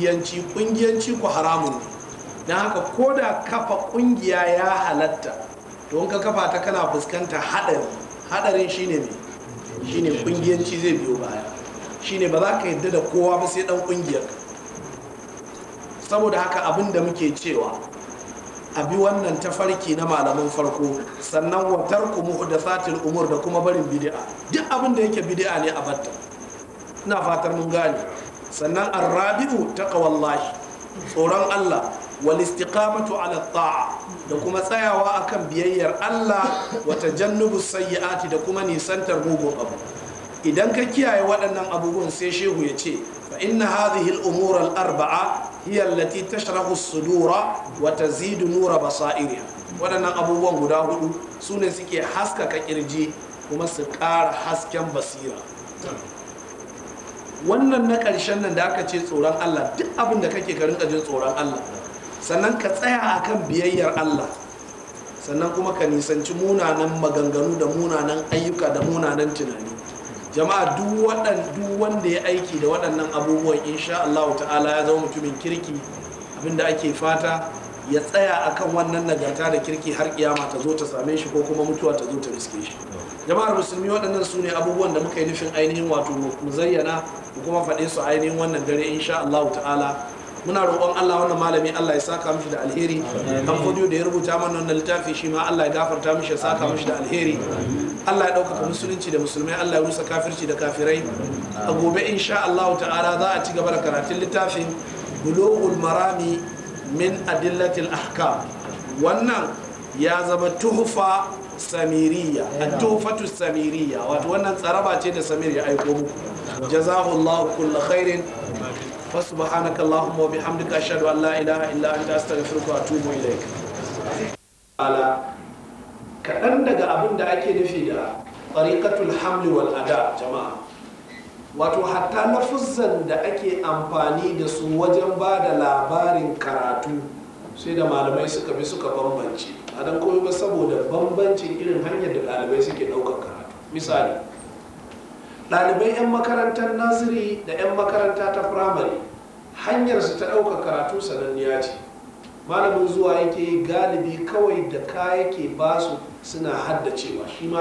yanci kungiyanci ku haramun ne don haka ko da kafa kungiya ya halatta don ka kafa ta kana fuskanta hadari hadarin shine ne shine kungiyanci zai biyo baya shine ba za ka yadda da kowa ba sai dan kungiyar saboda haka abin da muke cewa a bi wannan farki na malaman farko sannan watar mu da satin umur da kuma barin bidi'a duk abin da yake bidi'a ne a batta ina fatar mun gane sannan arrabi'u taqwallahi tsoron Allah wal istiqamatu ala ta'a da kuma tsayawa akan biyayyar Allah wa tajannubus sayyi'ati da kuma nisantar mugun abu idan ka kiyaye waɗannan abubuwan sai shehu ya ce fa inna hadhihi al-umur al-arba'a hiya allati tashrahu as-sudura wa tazidu nura basairiha waɗannan abubuwan guda hudu sune suke haskaka kirji kuma su ƙara hasken basira wannan na ƙarshen nan da aka ce tsoron Allah duk abin da kake ka rinka jin tsoron Allah sannan ka tsaya a kan biyayyar Allah sannan kuma ka nisanci munanan maganganu da munanan ayyuka da munanan tunani jama'a duk wanda ya aiki da waɗannan abubuwan insha Allah ta'ala ya zama mutumin kirki abin da ake fata ya tsaya akan wannan nagarta da kirki har kiyama ta zo ta same shi ko kuma mutuwa ta zo ta riske shi jama'ar musulmi waɗannan su ne abubuwan da muka yi nufin ainihin wato mu zayyana mu kuma faɗe su ainihin wannan dare insha Allah ta'ala muna roƙon Allah wannan malami Allah ya saka mishi da alheri kan fodiyo da ya rubuta mana wannan littafi shi ma Allah ya gafarta mishi ya saka mishi da alheri Allah ya ɗaukaka musulunci da musulmai Allah ya rusa kafirci da kafirai a gobe insha Allah ta'ala za a ci gaba da karatun littafin bulughul marami min adillatil ahkam wannan ya zama tuhfa samiriya eh, a tuhfatu samiriya wato wannan tsaraba ce da samir ya aiko muku jazahullahu kullu khairin fa subhanaka allahumma wa bihamdika ashhadu an la ilaha illa anta astaghfiruka wa atubu ilaik ala kadan daga abin da ake nufi da tariqatul hamli wal ada jama'a wato hatta lafuzzan da ake amfani da su wajen ba da labarin karatu sai da malamai suka bi suka bambance a dan koyo ba saboda bambancin irin hanyar da ɗalibai suke ɗaukar karatu misali ɗalibai 'yan makarantar naziri da 'yan makaranta ta firamare hanyar su ta ɗaukar karatu sananniya ce malamin zuwa yake galibi kawai da ka yake basu suna haddacewa shi ma